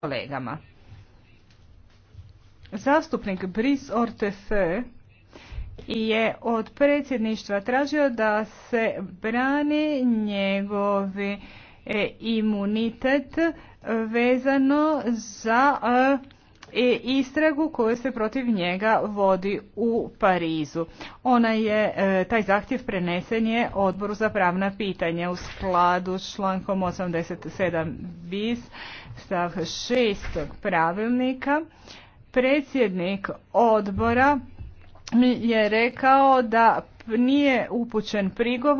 kolegama. Zastupnik Bris Ortefe je od predsjedništva tražio da se brani njegovi e, imunitet vezano za e, i istragu koju se protiv njega vodi u Parizu. Ona je, e, taj zahtjev prenesen je odboru za pravna pitanja u skladu s člankom 87 bis stav 6. pravilnika. Predsjednik odbora je rekao da nije upućen prigovor